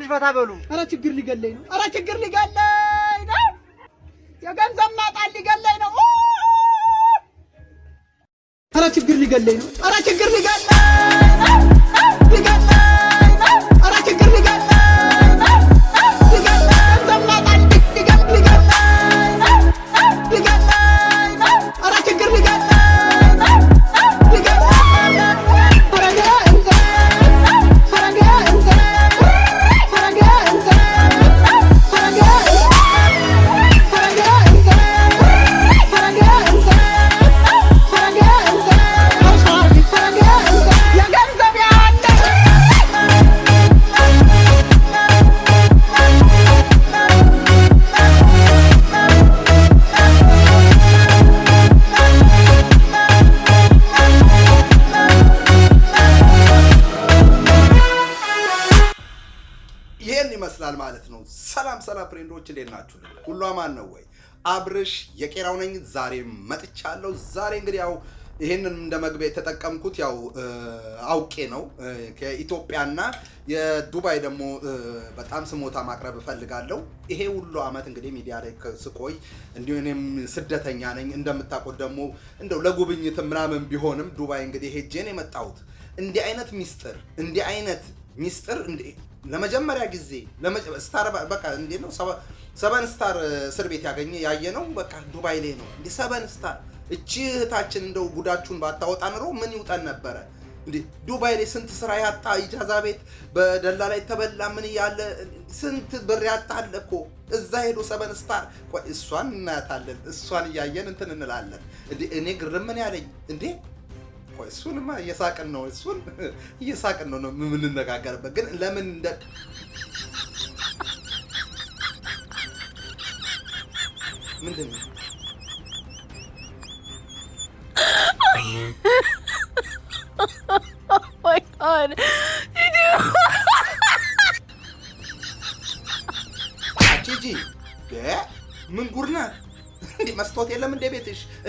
ትንሽ ፈታ በሉ። ኧረ ችግር ሊገለኝ ነው። ኧረ ችግር ሊገለኝ ነው። የገንዘብ ማጣት ሊገለኝ ነው። ኧረ ችግር ሊገለኝ ነው። ኧረ ችግር ሊገለኝ ነው። አብርሽ የቄራው ነኝ። ዛሬ መጥቻለሁ። ዛሬ እንግዲህ ያው ይህንን እንደ መግቢያ የተጠቀምኩት ያው አውቄ ነው። ከኢትዮጵያና የዱባይ ደግሞ በጣም ስሞታ ማቅረብ እፈልጋለሁ። ይሄ ሁሉ አመት እንግዲህ ሚዲያ ላይ ስቆይ እንዲሁ እኔም ስደተኛ ነኝ እንደምታውቁት ደግሞ እንደው ለጉብኝት ምናምን ቢሆንም ዱባይ እንግዲህ ሄጄን የመጣሁት እንዲህ አይነት ሚስጥር እንዲህ አይነት ሚስጥር ለመጀመሪያ ጊዜ ስታር በቃ እንዴት ነው ሰበን ስታር እስር ቤት ያገኘ ያየ ነው። በቃ ዱባይ ላይ ነው እንዴ ሰበን ስታር። እቺ እህታችን እንደው ጉዳችሁን ባታወጣ ኑሮ ምን ይውጠን ነበረ? ዱባይ ላይ ስንት ስራ ያጣ ኢጃዛ ቤት በደላ ላይ ተበላ ምን እያለ ስንት ብር ያጣ እኮ እዛ ሄዶ ሰበን ስታር። እሷን እናያታለን፣ እሷን እያየን እንትን እንላለን። እኔ ግርምን ያለኝ እንዴ እሱንማ እየሳቅን ነው። እሱን እየሳቅን ነው ነው የምንነጋገርበት። ግን ለምን እንደ ምንድን ነው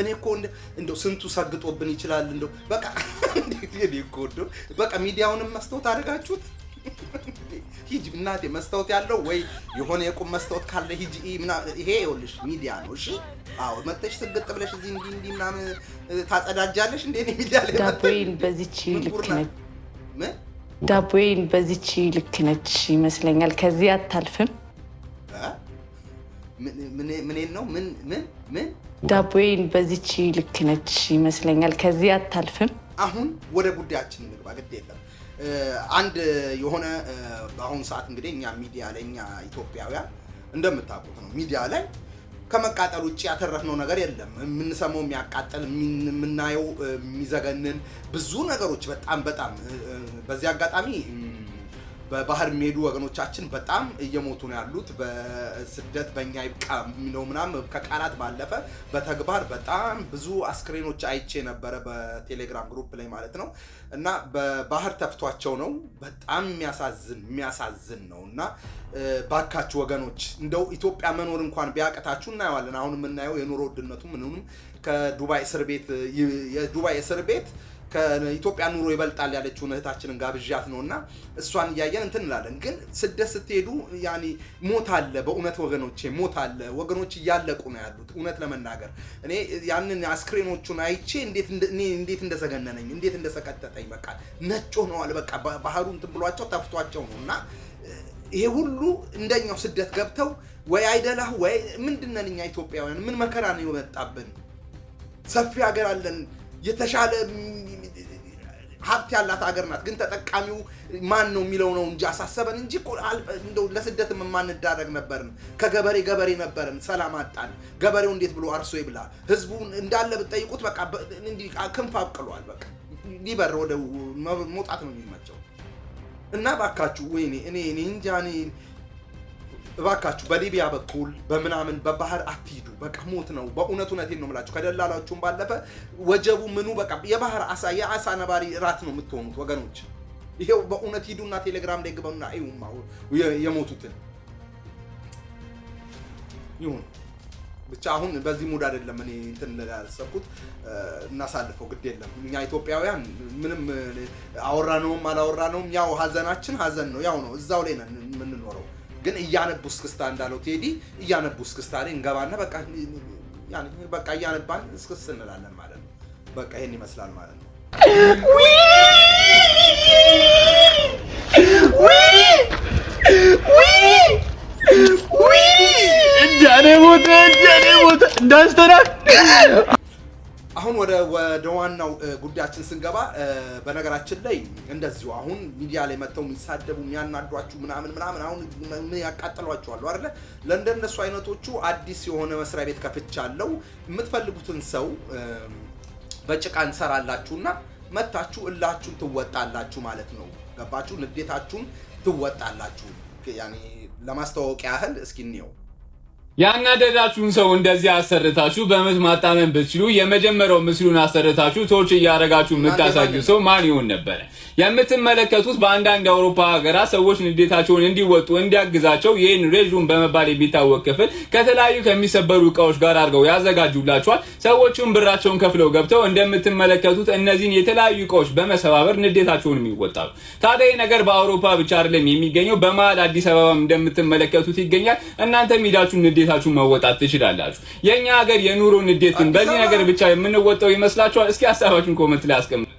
እኔ እኮ እንደው ስንቱ ሰግጦብን ይችላል። እንደው በቃ እኔ እኮ እንደው በቃ ሚዲያውንም መስታወት አደረጋችሁት። ሂጂ እናቴ መስታወት ያለው ወይ የሆነ የቁም መስታወት ካለ ሂጂ። ይሄ ይኸውልሽ ሚዲያ ነው። እሺ አዎ፣ መተሽ ስግጥ ብለሽ እዚህ እንዲህ እንዲህ ምናምን ታጸዳጃለሽ እንዴ? ሚዲያ ላይ ዳቦዬን በዚች ልክ ነች፣ ዳቦዬን በዚች ልክ ነች ይመስለኛል። ከዚህ አታልፍም ምኔን ነው ምን ምን ምን ዳቦዬን በዚች ልክ ነች ይመስለኛል። ከዚህ አታልፍም። አሁን ወደ ጉዳያችን እንግባ። ግድ የለም አንድ የሆነ በአሁኑ ሰዓት እንግዲህ እኛ ሚዲያ ላይ እኛ ኢትዮጵያውያን እንደምታውቁት ነው ሚዲያ ላይ ከመቃጠል ውጭ ያተረፍነው ነገር የለም። የምንሰማው የሚያቃጠል፣ የምናየው የሚዘገንን ብዙ ነገሮች በጣም በጣም በዚህ አጋጣሚ በባህር የሚሄዱ ወገኖቻችን በጣም እየሞቱ ነው ያሉት። በስደት በእኛ ይብቃ የሚለው ምናምን ከቃላት ባለፈ በተግባር በጣም ብዙ አስክሬኖች አይቼ ነበረ በቴሌግራም ግሩፕ ላይ ማለት ነው። እና በባህር ተፍቷቸው ነው። በጣም የሚያሳዝን የሚያሳዝን ነው። እና ባካችሁ ወገኖች እንደው ኢትዮጵያ መኖር እንኳን ቢያቅታችሁ እናየዋለን። አሁን የምናየው የኑሮ ውድነቱ ምንም ከዱባይ እስር ቤት የዱባይ እስር ቤት ከኢትዮጵያ ኑሮ ይበልጣል ያለችውን እህታችንን ጋብዣት ነው እና እሷን እያየን እንትን እንላለን። ግን ስደት ስትሄዱ ያኔ ሞት አለ፣ በእውነት ወገኖቼ ሞት አለ። ወገኖች እያለቁ ነው ያሉት። እውነት ለመናገር እኔ ያንን አስክሬኖቹን አይቼ እንዴት እንደሰገነነኝ እንዴት እንደሰቀጠጠኝ በቃ ነጭ ሆነዋል። በቃ ባህሩ እንትን ብሏቸው ተፍቷቸው ነው እና ይሄ ሁሉ እንደኛው ስደት ገብተው ወይ አይደላህ ወይ ምንድን እኛ ኢትዮጵያውያን? ምን መከራ ነው የመጣብን? ሰፊ ሀገር አለን የተሻለ ሀብት ያላት ሀገር ናት። ግን ተጠቃሚው ማን ነው የሚለው ነው እንጂ አሳሰበን እንጂ እንደው የማንዳረግ ነበርን። ከገበሬ ገበሬ ነበርን። ሰላም አጣን። ገበሬው እንዴት ብሎ አርሶ ይብላ? ህዝቡ እንዳለ ብትጠይቁት በቃ ክንፍ አብቅሏል። በቃ ሊበር ወደ መውጣት ነው የሚመቸው እና ባካችሁ ወይኔ እኔ እኔ እንጃ እባካችሁ በሊቢያ በኩል በምናምን በባህር አትሂዱ። በቃ ሞት ነው። በእውነት እውነቴን ነው የምላችሁ። ከደላላችሁም ባለፈ ወጀቡ ምኑ በቃ የባህር አሳ የአሳ ነባሪ ራት ነው የምትሆኑት ወገኖች። ይሄው በእውነት ሂዱና ቴሌግራም ላይ ግበኑና እዩማ የሞቱትን ይሁን ብቻ አሁን በዚህ ሙድ አይደለም። እኔ እንትን ያሰብኩት እናሳልፈው፣ ግድ የለም እኛ ኢትዮጵያውያን ምንም አወራነውም አላወራነውም ያው ሀዘናችን ሀዘን ነው። ያው ነው እዛው ላይ ነን የምንኖረው። ግን እያነቡ እስክስታ እንዳለው ቴዲ እያነቡ እስክስታ ላይ እንገባና በቃ እያነባን እስክስ እንላለን ማለት ነው። በቃ ይሄን ይመስላል ማለት ነው። እንዳስተናል አሁን ወደ ወደ ዋናው ጉዳያችን ስንገባ በነገራችን ላይ እንደዚሁ አሁን ሚዲያ ላይ መጥተው የሚሳደቡ የሚያናዷችሁ ምናምን ምናምን አሁን ምን ያቃጥሏችኋሉ አይደለ? ለእንደነሱ አይነቶቹ አዲስ የሆነ መስሪያ ቤት ከፍቻለሁ የምትፈልጉትን ሰው በጭቃ እንሰራላችሁና መታችሁ እላችሁን ትወጣላችሁ ማለት ነው። ገባችሁ? ንዴታችሁን ትወጣላችሁ። ያኔ ለማስተዋወቂያ ያህል እስኪ እንየው። ያናደዳችሁን ሰው እንደዚህ አሰርታችሁ በምት ማጣመን ብትችሉ የመጀመሪያው ምስሉን አሰርታችሁ ቶርች እያደረጋችሁ የምታሳዩ ሰው ማን ይሆን ነበረ? የምትመለከቱት በአንዳንድ የአውሮፓ ሀገራት ሰዎች ንዴታቸውን እንዲወጡ እንዲያግዛቸው ይህን ሬዥም በመባል የሚታወቅ ክፍል ከተለያዩ ከሚሰበሩ እቃዎች ጋር አድርገው ያዘጋጁላቸዋል። ሰዎቹን ብራቸውን ከፍለው ገብተው እንደምትመለከቱት እነዚህን የተለያዩ እቃዎች በመሰባበር ንዴታቸውንም ይወጣሉ። ታዲያ ይህ ነገር በአውሮፓ ብቻ አይደለም የሚገኘው፣ በመሀል አዲስ አበባም እንደምትመለከቱት ይገኛል። እናንተም ሂዳችሁ ንዴ ንዴታችሁን መወጣት ትችላላችሁ። የኛ ሀገር የኑሮ ንዴትን በዚህ ነገር ብቻ የምንወጣው ይመስላችኋል? እስኪ ሀሳባችሁን ኮመንት ላይ አስቀምጡ።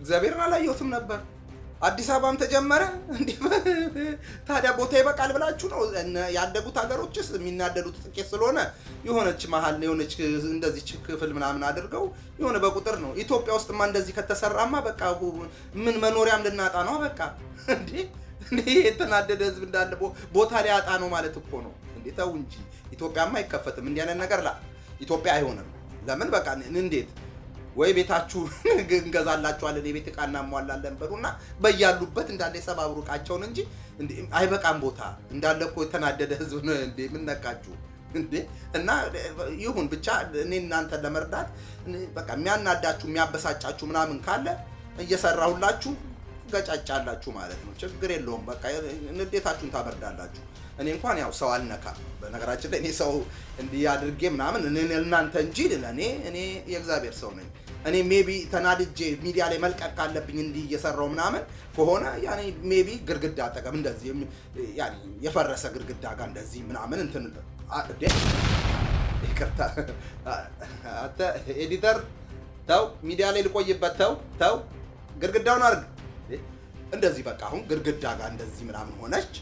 እግዚአብሔርን አላየሁትም ነበር። አዲስ አበባም ተጀመረ። እንዲህ ታዲያ ቦታ ይበቃል ብላችሁ ነው? ያደጉት ሀገሮችስ የሚናደዱት ጥቂት ስለሆነ የሆነች መሀል የሆነች እንደዚች ክፍል ምናምን አድርገው የሆነ በቁጥር ነው። ኢትዮጵያ ውስጥማ እንደዚህ ከተሰራማ በቃ ምን መኖሪያም ልናጣ ነው። በቃ እንዴ የተናደደ ህዝብ እንዳለ ቦታ ሊያጣ ነው ማለት እኮ ነው። እንዴ ተው እንጂ ኢትዮጵያማ አይከፈትም። እንዲህ አይነት ነገር ላ ኢትዮጵያ አይሆንም። ለምን በቃ እንዴት ወይ ቤታችሁ እንገዛላችኋለን የቤት ዕቃ እናሟላለን በሉና በያሉበት እንዳለ የሰባብሩ ዕቃቸውን እንጂ አይበቃም ቦታ እንዳለ እኮ የተናደደ ህዝብ ነው እንዴ የምነካችሁ እና ይሁን ብቻ እኔ እናንተን ለመርዳት በቃ የሚያናዳችሁ የሚያበሳጫችሁ ምናምን ካለ እየሰራሁላችሁ ትገጫጫላችሁ ማለት ነው። ችግር የለውም። በቃ ንዴታችሁን ታበርዳላችሁ። እኔ እንኳን ያው ሰው አልነካ። በነገራችን ላይ እኔ ሰው እንዲህ አድርጌ ምናምን እናንተ እንጂ ለእኔ እኔ የእግዚአብሔር ሰው ነኝ። እኔ ሜቢ ተናድጄ ሚዲያ ላይ መልቀቅ ካለብኝ እንዲህ እየሰራው ምናምን ከሆነ ያኔ ሜቢ ግድግዳ አጠገብ እንደዚህ የፈረሰ ግድግዳ ጋር እንደዚህ ምናምን እንትን ይቅርታ፣ ኤዲተር ተው፣ ሚዲያ ላይ ልቆይበት፣ ተው ተው፣ ግድግዳውን አድርግ እንደዚህ በቃ አሁን ግድግዳ ጋር እንደዚህ ምናምን ሆነች።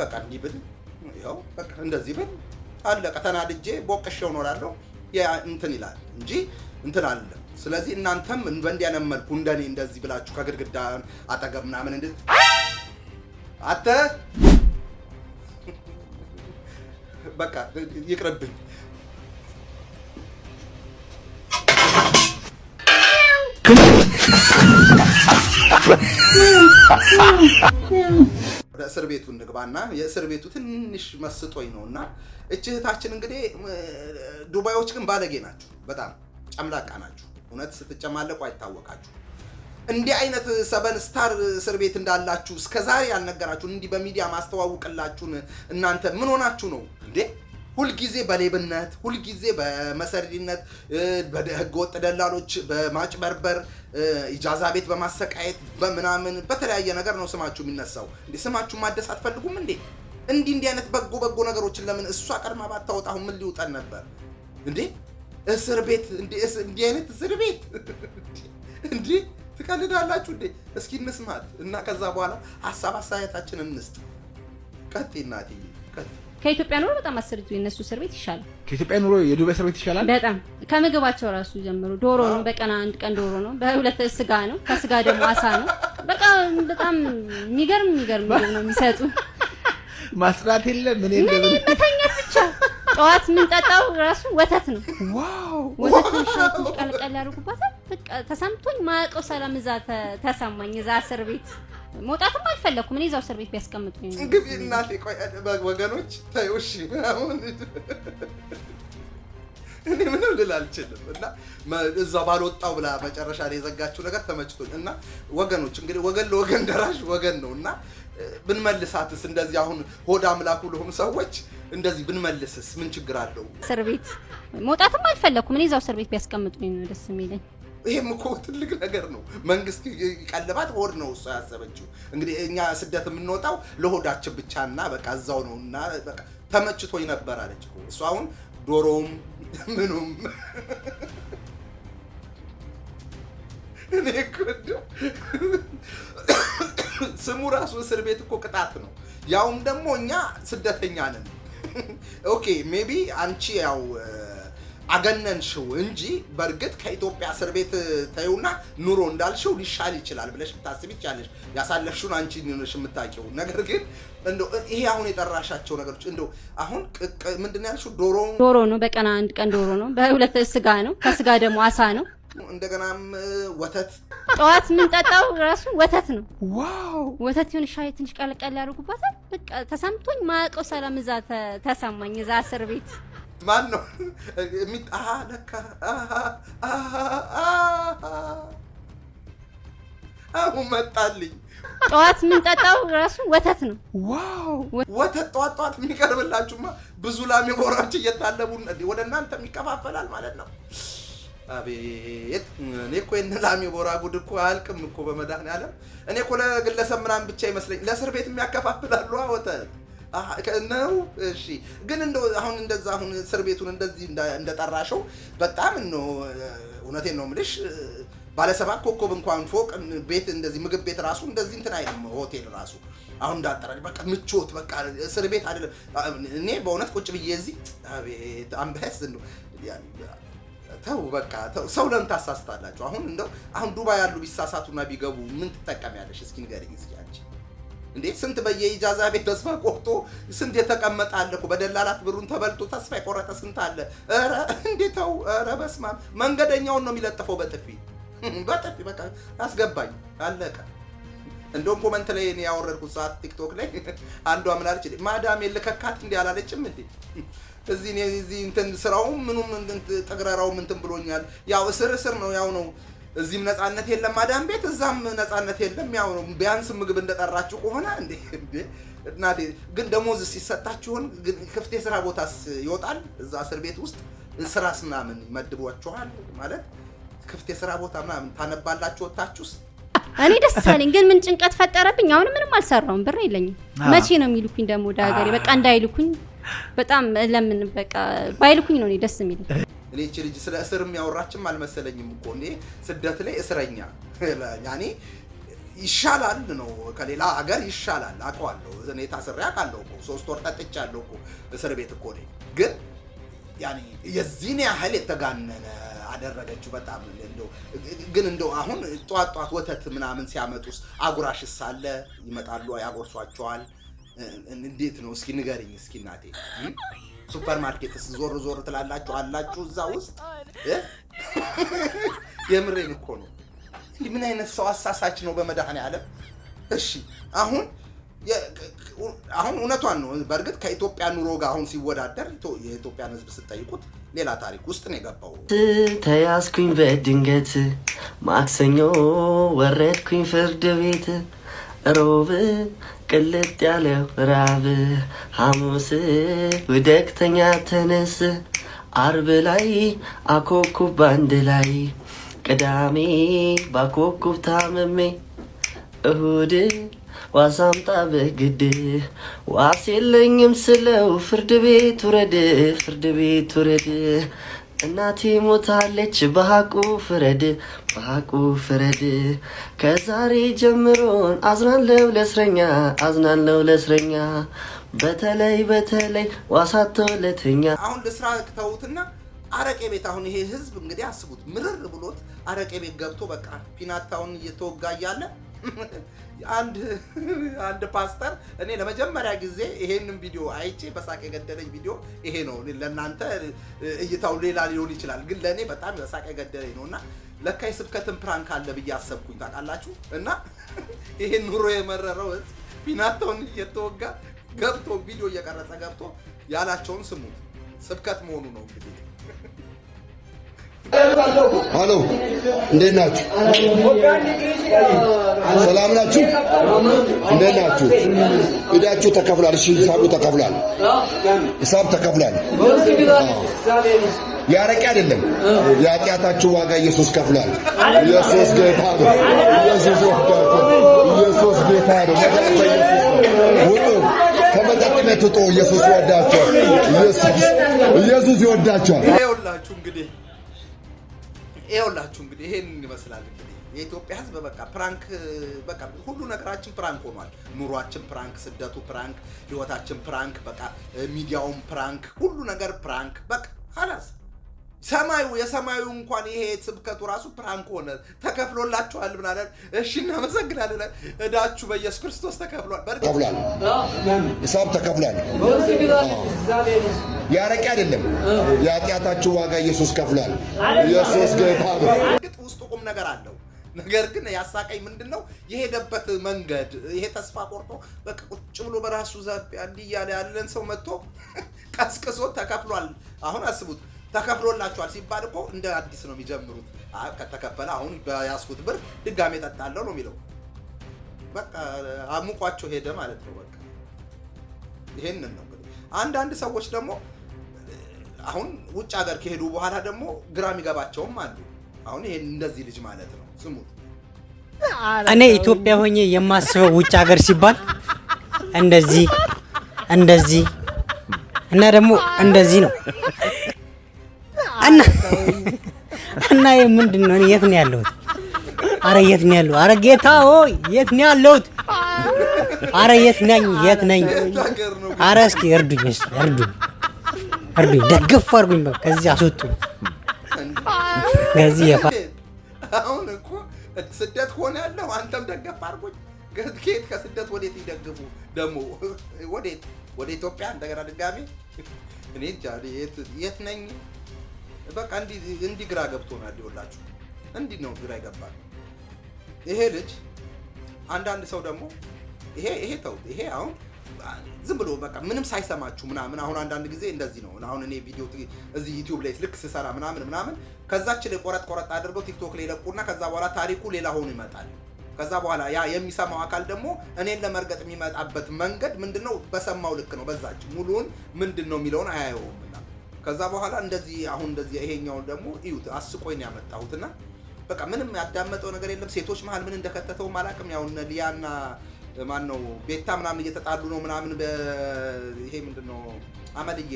በቃ እንዲህ ብል ይኸው በቃ እንደዚህ ብል አለቀ። ተናድጄ ቦቅሼው እኖራለሁ። እንትን ይላል እንጂ እንትን አለ። ስለዚህ እናንተም በእንዲህ አይነት መልኩ እንደኔ እንደዚህ ብላችሁ ከግድግዳ አጠገብ ምናምን እንድ አተ በቃ ይቅርብኝ። ወደ እስር ቤቱ እንግባና የእስር ቤቱ ትንሽ መስጦኝ ነው እና እህታችን እንግዲህ ዱባዮች ግን ባለጌ ናችሁ፣ በጣም ጨምላቃ ናችሁ። እውነት ስትጨማለቁ አይታወቃችሁ። እንዲህ አይነት ሰበን ስታር እስር ቤት እንዳላችሁ እስከዛሬ ያልነገራችሁ እንዲህ በሚዲያ ማስተዋውቅላችሁን እናንተ ምን ሆናችሁ ነው እንዴ? ሁልጊዜ በሌብነት ሁልጊዜ በመሰሪነት ህገወጥ ደላሎች በማጭበርበር ኢጃዛ ቤት በማሰቃየት በምናምን በተለያየ ነገር ነው ስማችሁ የሚነሳው። እንዴ ስማችሁ ማደስ አትፈልጉም እንዴ? እንዲህ እንዲህ አይነት በጎ በጎ ነገሮችን ለምን እሷ ቀድማ ባታወጣ አሁን ምን ሊውጠን ነበር እንዴ? እስር ቤት እንዲህ አይነት እስር ቤት እንዲህ ትቀልዳላችሁ እንዴ? እስኪ እንስማት እና ከዛ በኋላ ሀሳብ አስተያየታችን እንስጥ። ቀጥ እናትዬ ቀጥ ከኢትዮጵያ ኑሮ በጣም አሰርቱ የነሱ እስር ቤት ይሻላል። ከኢትዮጵያ ኑሮ የዱባይ እስር ቤት ይሻላል። በጣም ከምግባቸው ራሱ ጀምሮ ዶሮ ነው፣ በቀን አንድ ቀን ዶሮ ነው፣ በሁለት ስጋ ነው፣ ከስጋ ደግሞ አሳ ነው። በጣም በጣም የሚገርም የሚገርም ነው የሚሰጡ። ማስራት የለ ምን የለ መተኛት ብቻ። ጠዋት የምንጠጣው ራሱ ወተት ነው። ዋው ወተት ነው። ሻት ቀልቀል ያደርጉባታል። በቃ ተሰምቶኝ ማያውቀው ሰላም እዛ ተሰማኝ እዛ እስር ቤት መውጣትም አልፈለኩም። እኔ እዛው እስር ቤት ቢያስቀምጡኝ ግቢ እናቴ። ቆይ ወገኖች ተይው እሺ። አሁን እኔ ምንም ልል አልችልም። እና እዛ ባልወጣው ብላ መጨረሻ ላይ የዘጋችው ነገር ተመችቶኝ እና ወገኖች እንግዲህ ወገን ለወገን ደራሽ ወገን ነው እና ብንመልሳትስ እንደዚህ አሁን ሆድ አምላኩ ለሆኑ ሰዎች እንደዚህ ብንመልስስ ምን ችግር አለው? እስር ቤት መውጣትም አልፈለኩም። እኔ እዛው እስር ቤት ቢያስቀምጡኝ ነው ደስ የሚለኝ። ይሄም እኮ ትልቅ ነገር ነው። መንግስት ቀለባት ሆድ ነው እሷ ያሰበችው። እንግዲህ እኛ ስደት የምንወጣው ለሆዳችን ብቻና በቃ እዛው ነው እና በቃ ተመችቶኝ ነበር አለች እሷ። አሁን ዶሮውም ምኑም እኔ እኮ ስሙ ራሱ እስር ቤት እኮ ቅጣት ነው። ያውም ደግሞ እኛ ስደተኛ ነን። ኦኬ ሜቢ አንቺ ያው አገነንሽው እንጂ በእርግጥ ከኢትዮጵያ እስር ቤት ተይውና ኑሮ እንዳልሽው ሊሻል ይችላል ብለሽ ልታስብ ይቻለሽ። ያሳለፍሽውን አንቺ ነሽ የምታውቂው። ነገር ግን እንደው ይሄ አሁን የጠራሻቸው ነገሮች እንደው አሁን ምንድን ያልሽው ዶሮ ዶሮ ነው፣ በቀን አንድ ቀን ዶሮ ነው፣ በሁለት ስጋ ነው፣ ከስጋ ደግሞ አሳ ነው። እንደገናም ወተት ጠዋት የምንጠጣው ራሱ ወተት ነው። ዋው ወተት ይሁን ሻይ ትንሽ ቀለቀል ያደርጉባታል። በቃ ተሰምቶኝ ማያውቀው ሰላም እዛ ተሰማኝ እዛ እስር ቤት ማን ነው ለካ አሁን መጣልኝ። ጠዋት የምንጠጣው ራሱ ወተት ነው። ዋው ወተት ጠዋት ጠዋት የሚቀርብላችሁማ ብዙ ላሚ ቦራዎች እየታለቡ ወደ እናንተም ይከፋፈላል ማለት ነው። አቤት እኔ እኮ የእነ ላሜ ቦራ ጉድ እኮ አያልቅም እኮ በመድኃኒዓለም። እኔ እኮ ለግለሰብ ምናምን ብቻ ይመስለኝ፣ ለእስር ቤት የሚያከፋፍላሉ ወተት ነው። እሺ ግን እንደው አሁን እንደዛ አሁን እስር ቤቱን እንደዚህ እንደጠራሸው በጣም ነው እውነቴን ነው የምልሽ። ባለሰባት ኮከብ እንኳን ፎቅ ቤት እንደዚህ ምግብ ቤት ራሱ እንደዚህ እንትን አይልም። ሆቴል ራሱ አሁን እንዳጠራ በቃ ምቾት በቃ እስር ቤት አይደለም። እኔ በእውነት ቁጭ ብዬ እዚህ አቤት አንበስ ተው በቃ ተው። ሰው ለምን ታሳስታላችሁ? አሁን እንደው አሁን ዱባይ ያሉ ቢሳሳቱና ቢገቡ ምን ትጠቀሚያለሽ? እስኪ ንገሪኝ እስኪ አንቺ እንዴ ስንት በየኢጃዛ ቤት ተስፋ ቆርጦ ስንት የተቀመጠ አለ እኮ በደላላት ብሩን ተበልቶ ተስፋ የቆረጠ ስንት አለ። ኧረ እንዴ ተው! ኧረ በስመ አብ! መንገደኛውን ነው የሚለጥፈው በጥፊ በጥፊ። በቃ አስገባኝ፣ አለቀ። እንደውም ኮመንት ላይ እኔ ያወረድኩት ሰዓት ቲክቶክ ላይ አንዷ ምን አለች? ማዳም የልከካት እንዲ አላለችም እንዴ? እዚህ እዚህ እንትን ስራውም ምኑም ተግረራውም እንትን ብሎኛል። ያው እስር እስር ነው ያው ነው እዚህም ነፃነት የለም ማዳም ቤት፣ እዛም ነፃነት የለም። ያው ቢያንስ ምግብ እንደጠራችሁ ከሆነ እና ግን ደሞዝ ሲሰጣችሁን ክፍት የስራ ቦታስ ይወጣል? እዛ እስር ቤት ውስጥ ስራስ ምናምን ይመድቧችኋል? ማለት ክፍት የስራ ቦታ ምናምን ታነባላችሁ ወታችሁስ? እኔ ደስ አለኝ፣ ግን ምን ጭንቀት ፈጠረብኝ። አሁን ምንም አልሰራውም፣ ብር የለኝም። መቼ ነው የሚልኩኝ ደግሞ ወደ ሀገሬ? በቃ እንዳይልኩኝ በጣም ለምን በቃ ባይልኩኝ ነው እኔ ደስ የሚል እኔ እቺ ልጅ ስለ እስር የሚያወራችም አልመሰለኝም እኮ እንዴ ስደት ላይ እስረኛ ያኔ ይሻላል ነው ከሌላ ሀገር ይሻላል አውቀዋለሁ። እኔ ታስሬ አውቃለሁ እኮ ሶስት ወር ጠጥቻለሁ እኮ እስር ቤት እኮ ነኝ። ግን ያኔ የዚህን ያህል የተጋነነ አደረገችው በጣም እንደው ግን እንደው አሁን ጧት ጧት ወተት ምናምን ሲያመጡስ አጉራሽ ሳለ ይመጣሉ፣ ያጎርሷቸዋል። እንዴት ነው እስኪ ንገርኝ እስኪ እናቴ ሱፐር ማርኬት ዞር ዞር ትላላችሁ አላችሁ እዛ ውስጥ የምሬን እኮ ነው። ምን አይነት ሰው አሳሳች ነው በመድኃኔዓለም። እሺ አሁን አሁን እውነቷን ነው። በእርግጥ ከኢትዮጵያ ኑሮ ጋር አሁን ሲወዳደር የኢትዮጵያን ሕዝብ ስጠይቁት ሌላ ታሪክ ውስጥ ነው የገባው። ተያዝኩኝ በድንገት ማክሰኞ ወረድኩኝ ፍርድ ቤት ሮብ ቅልጥ ያለው ራብ ሐሙስ ውደቅተኛ ተነስ አርብ ላይ አኮኩብ ባንድ ላይ ቅዳሜ ባኮኩብ ታመሜ እሁድ ዋሳምጣ በግድ ዋስ የለኝም ስለው ፍርድ ቤት ውረድ ፍርድ ቤት ውረድ እናቴ ሞታለች በሀቁ ፍረድ፣ በሀቁ ፍረድ። ከዛሬ ጀምሮን አዝናለው ለእስረኛ፣ አዝናለው ለእስረኛ፣ በተለይ በተለይ ዋሳቶ ለተኛ። አሁን ለስራ ተውትና አረቄ ቤት አሁን ይሄ ህዝብ እንግዲህ አስቡት፣ ምርር ብሎት አረቄ ቤት ገብቶ በቃ ፒናታውን እየተወጋ እያለ አንድ አንድ ፓስተር እኔ ለመጀመሪያ ጊዜ ይሄንን ቪዲዮ አይቼ በሳቅ የገደለኝ ቪዲዮ ይሄ ነው። ለእናንተ እይታው ሌላ ሊሆን ይችላል፣ ግን ለእኔ በጣም በሳቅ የገደለኝ ነው እና ለካ የስብከትን ፕራንክ አለ ብዬ አሰብኩኝ ታውቃላችሁ። እና ይሄን ኑሮ የመረረው ህዝብ እየተወጋ ገብቶ ቪዲዮ እየቀረጸ ገብቶ ያላቸውን ስሙት። ስብከት መሆኑ ነው እንግዲህ አሎ እንዴት ናችሁ? ሰላም ናችሁ? እንዴት ናችሁ? እዳችሁ ተከፍሏል። እሺ ሂሳቡ ተከፍሏል። ሂሳብ ተከፍሏል። ያረቂ አይደለም የኃጢአታችሁ ዋጋ ኢየሱስ ከፍሏል። ኢየሱስ ጌታ ነው። ኢየሱስ ወዳጆ ኢየሱስ ጌታ ነው። ውጡ ከመጠጥ ቤት ውጡ። ኢየሱስ ይወዳቸዋል። ኢየሱስ ይወዳቸዋል። ይኸውላችሁ እንግዲህ ይኸውላችሁ እንግዲህ ይሄን ይመስላል እንግዲህ የኢትዮጵያ ሕዝብ በቃ ፕራንክ በቃ ሁሉ ነገራችን ፕራንክ ሆኗል። ኑሯችን ፕራንክ፣ ስደቱ ፕራንክ፣ ህይወታችን ፕራንክ፣ በቃ ሚዲያውም ፕራንክ፣ ሁሉ ነገር ፕራንክ። በቃ ሀላስ ሰማዩ የሰማዩ እንኳን ይሄ ስብከቱ ራሱ ፕራንክ ሆነ። ተከፍሎላችኋል ምናለን። እሺ እናመሰግናለን። እዳችሁ በኢየሱስ ክርስቶስ ተከፍሏል። በእርግጥ ተከፍሏል፣ ሂሳብ ተከፍሏል። ያረቂ አይደለም። የኃጢአታችሁ ዋጋ ኢየሱስ ከፍሏል። ኢየሱስ ጌታ ነው። ውስጡ ቁም ነገር አለው። ነገር ግን ያሳቀኝ ምንድን ነው የሄደበት መንገድ። ይሄ ተስፋ ቆርጦ በቃ ቁጭ ብሎ በራሱ ዛብ እንዲህ እያለ ያለን ሰው መጥቶ ቀስቅሶ ተከፍሏል። አሁን አስቡት ተከፍሎላቸዋል ሲባል እኮ እንደ አዲስ ነው የሚጀምሩት። ከተከፈለ አሁን በያዝኩት ብር ድጋሜ ጠጣለው ነው የሚለው። በቃ አሙቋቸው ሄደ ማለት ነው። በቃ ይሄንን ነው እንግዲህ አንዳንድ ሰዎች ደግሞ አሁን ውጭ ሀገር ከሄዱ በኋላ ደግሞ ግራ የሚገባቸውም አሉ። አሁን ይሄን እንደዚህ ልጅ ማለት ነው ስሙት። እኔ ኢትዮጵያ ሆኜ የማስበው ውጭ ሀገር ሲባል እንደዚህ እንደዚህ እና ደግሞ እንደዚህ ነው እና እና ይሄ ምንድን ነው? የት ነው ያለሁት? አረ የት ነው ያለሁት? አረ ጌታ ሆይ የት ነው ያለሁት? አረ የት ነኝ? የት ነኝ? አረ እስኪ እርዱኝ፣ እርዱኝ እርዱኝ፣ ደግፍ አድርጉኝ። በቃ ከዚህ አስወጡኝ። ከዚህ የፋ አሁን እኮ ስደት ሆነ ያለው አንተም ደገፍ አድርጉኝ። ከየት ከስደት ወዴት ይደግፉ ደግሞ ወዴት ወደ ኢትዮጵያ እንደገና ድጋሜ እኔ የት ነኝ? በቃ እንዲህ ግራ ገብቶናል። ይኸውላችሁ እንዲህ ነው ግራ ይገባል ይሄ ልጅ። አንዳንድ ሰው ደግሞ ይሄ ይሄ ተው ይሄ አሁን ዝም ብሎ በቃ ምንም ሳይሰማችሁ ምናምን። አሁን አንዳንድ ጊዜ እንደዚህ ነው። አሁን እኔ ቪዲዮ እዚህ ዩቲዩብ ላይ ልክ ስሰራ ምናምን ምናምን ከዛች ላይ ቆረጥ ቆረጥ አድርገው ቲክቶክ ላይ ለቁና ከዛ በኋላ ታሪኩ ሌላ ሆኖ ይመጣል። ከዛ በኋላ ያ የሚሰማው አካል ደግሞ እኔን ለመርገጥ የሚመጣበት መንገድ ምንድነው? በሰማው ልክ ነው። በዛች ሙሉን ምንድን ነው የሚለውን አያየውምና ከዛ በኋላ እንደዚህ አሁን እንደዚህ ይሄኛውን ደግሞ እዩት። አስቆይ ነው ያመጣሁትና በቃ ምንም ያዳመጠው ነገር የለም። ሴቶች መሀል ምን እንደከተተውም አላውቅም። ያው ሊያና ማን ነው ቤታ ምናምን እየተጣሉ ነው ምናምን ይሄ ምንድን ነው አመልዬ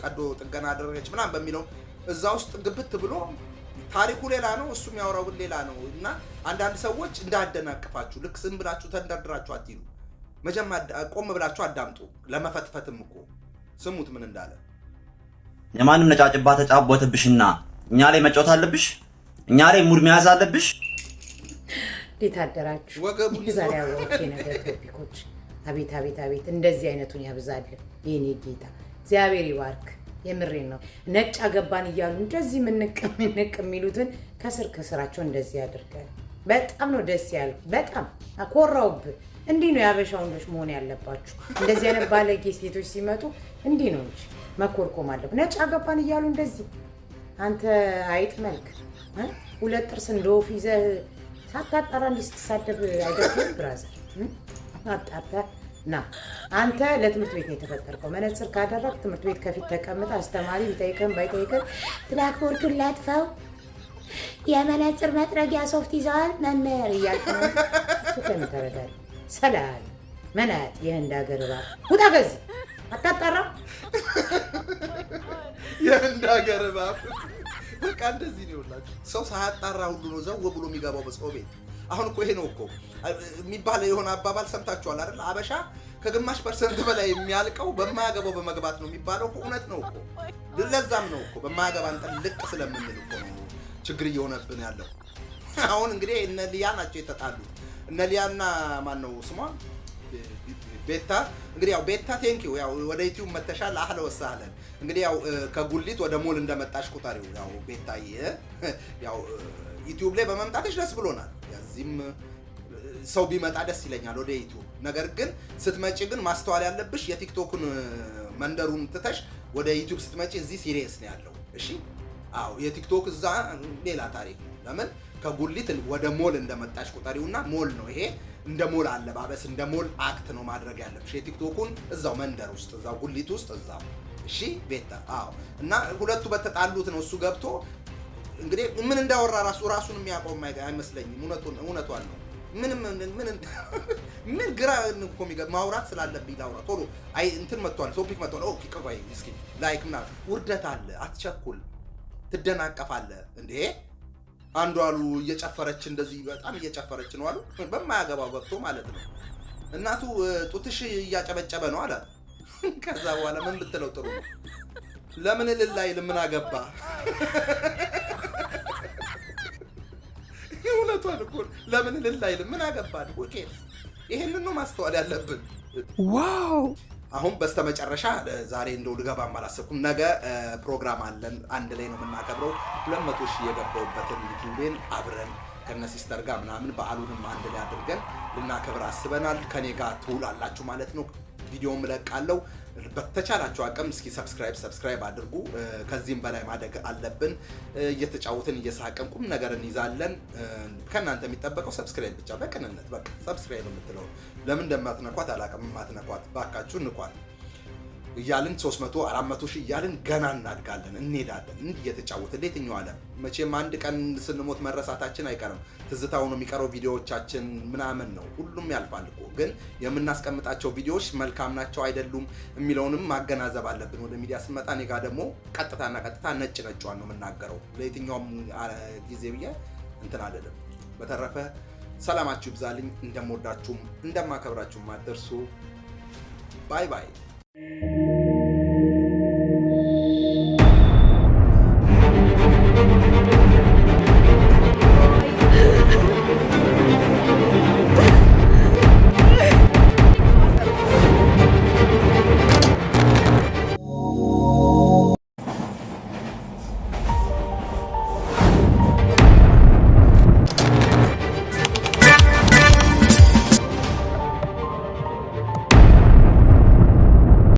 ቀዶ ጥገና አደረገች ምናምን በሚለው እዛ ውስጥ ግብት ብሎ ታሪኩ ሌላ ነው፣ እሱም ያወራው ሌላ ነው። እና አንዳንድ ሰዎች እንዳደናቅፋችሁ ልክ ዝም ብላችሁ ተንደርድራችሁ አትሉ። መጀመሪያ ቆም ብላችሁ አዳምጡ። ለመፈትፈትም እኮ ስሙት ምን እንዳለ። የማንም ነጫጭባ ተጫቦተብሽና እኛ ላይ መጫወት አለብሽ፣ እኛ ላይ ሙድ መያዝ አለብሽ። እንዴት አደራችሁ? የዛሬ አወራች የነገር ቶፒኮች አቤት አቤት አቤት! እንደዚህ አይነቱን ያብዛልን የኔ ጌታ እግዚአብሔር ይባርክ። የምሬን ነው። ነጭ አገባን እያሉ እንደዚህ ምንቅ ምንቅ የሚሉትን ከስር ከስራቸው እንደዚህ ያድርጋል። በጣም ነው ደስ ያለው። በጣም አኮራውብህ። እንዲህ ነው የአበሻ ወንዶች መሆን ያለባችሁ። እንደዚህ አይነት ባለጌ ሴቶች ሲመጡ እንዲህ ነው እንጂ መኮርኮም አለብህ። ነጭ አገባን እያሉ እንደዚህ አንተ አይጥ መልክ ሁለት ጥርስ እንደ ይዘህ ሳታጣራ እንዲህ ስትሳደብ አይደለም ብራዘር። አጣርተህ ና አንተ ለትምህርት ቤት ነው የተፈጠርከው። መነጽር ካደረግ ትምህርት ቤት ከፊት ተቀምጠ አስተማሪ ቢጠይቀን ባይጠይቀን ብላክቦርዱን ላጥፋው የመነጽር መጥረጊያ ሶፍት ይዘዋል መምህር እያልክ ነው ተረዳለህ። ሰላም መናት የህንድ ሀገር እባብ ውጣ ከዚህ አታጣራም የህንድ ሀገር እባብ በቃ እንደዚህ ነው ይላችሁ። ሰው ሳያጣራ ሁሉ ነው ዘው ብሎ የሚገባው በሰው ቤት። አሁን እኮ ይሄ ነው እኮ የሚባለው የሆነ አባባል ሰምታችኋል አይደል? አበሻ ከግማሽ ፐርሰንት በላይ የሚያልቀው በማያገባው በመግባት ነው የሚባለው እኮ እውነት ነው እኮ። ለዛም ነው እኮ በማያገባ እንጠን ልቅ ስለምንል እኮ ነው ችግር እየሆነብን ያለው። አሁን እንግዲህ እነ ሊያ ናቸው የተጣሉ እነ ሊያና ማን ነው ስሟ ቤታ እንግዲህ ያው ቤታ ቴንኪ ያው ወደ ዩቲዩብ መተሻል አህለ ወሳለን። እንግዲህ ያው ከጉሊት ወደ ሞል እንደመጣሽ ቁጠሪው። ያው ቤታ ያው ዩቲዩብ ላይ በመምጣትሽ ደስ ብሎናል። ያዚህም ሰው ቢመጣ ደስ ይለኛል ወደ ዩቲዩብ። ነገር ግን ስትመጪ ግን ማስተዋል ያለብሽ የቲክቶክን መንደሩን ትተሽ ወደ ዩቲዩብ ስትመጪ እዚህ ሲሪየስ ነው ያለው። እሺ አዎ የቲክቶክ እዛ ሌላ ታሪክ ነው። ለምን ከጉሊት ወደ ሞል እንደመጣሽ ቁጠሪውና ሞል ነው ይሄ እንደ ሞል አለባበስ እንደ ሞል አክት ነው ማድረግ ያለብሽ። የቲክቶኩን እዛው መንደር ውስጥ እዛው ጉሊት ውስጥ እዛው። እሺ ቤታ። አዎ። እና ሁለቱ በተጣሉት ነው እሱ ገብቶ እንግዲህ ምን እንዳወራ ራሱ ራሱን የሚያቆም አይመስለኝም። እውነቱን እውነቷን ነው። ምን ምን ግራ እኮ የሚገባ ማውራት ስላለብኝ ላውራ። ቶሎ አይ እንትን መጥቷል፣ ቶፒክ መጥቷል። ኦኬ ቆይ እስኪ ላይክ ምናምን ውርደት አለ። አትቸኩል፣ ትደናቀፋለህ እንዴ አንዱ አሉ እየጨፈረች እንደዚህ በጣም እየጨፈረች ነው አሉ በማያገባው ገብቶ ማለት ነው። እናቱ ጡትሽ እያጨበጨበ ነው አላት። ከዛ በኋላ ምን ብትለው ጥሩ ነው? ለምን ልላይ ልምን አገባ የእውነቷን እኮ ለምን ልላይ ልምን አገባ። ይሄንን ነው ማስተዋል ያለብን። ዋው አሁን በስተመጨረሻ ዛሬ እንደው ልገባም አላሰብኩም። ነገ ፕሮግራም አለን፣ አንድ ላይ ነው የምናከብረው። ሁለት መቶ ሺህ የገባሁበትን ዩቲዩቤን አብረን ከነ ሲስተር ጋር ምናምን በዓሉንም አንድ ላይ አድርገን ልናከብር አስበናል። ከኔ ጋር ትውላላችሁ ማለት ነው። ቪዲዮም እለቃለሁ። በተቻላቸው አቅም እስኪ ሰብስክራይብ ሰብስክራይብ አድርጉ። ከዚህም በላይ ማደግ አለብን። እየተጫወትን እየሳቅን ቁም ነገር እንይዛለን። ከእናንተ የሚጠበቀው ሰብስክራይብ ብቻ፣ በቅንነት በቃ ሰብስክራይብ የምትለው ለምን እንደማትነኳት አላውቅም። ማትነኳት ባካችሁ ንኳት። እያልን 300 400 ሺህ እያልን ገና እናድጋለን፣ እንሄዳለን። እንዲህ እየተጫወትን ለየትኛው ዓለም መቼም አንድ ቀን ስንሞት መረሳታችን አይቀርም። ትዝታው ነው የሚቀረው፣ ቪዲዮዎቻችን ምናምን ነው። ሁሉም ያልፋል እኮ ግን የምናስቀምጣቸው ቪዲዮዎች መልካም ናቸው አይደሉም የሚለውንም ማገናዘብ አለብን። ወደ ሚዲያ ስንመጣ እኔ ደግሞ ቀጥታና ቀጥታ ነጭ ነጫዋን ነው የምናገረው። ለየትኛውም ጊዜ ብዬ እንትን አደለም በተረፈ ሰላማችሁ ይብዛልኝ። እንደምወዳችሁም እንደማከብራችሁም አትርሱ። ባይ ባይ።